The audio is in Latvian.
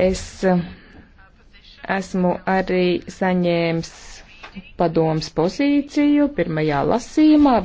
Es eh, esmu arī saņēmis padomas pozīciju pirmajā lasījumā.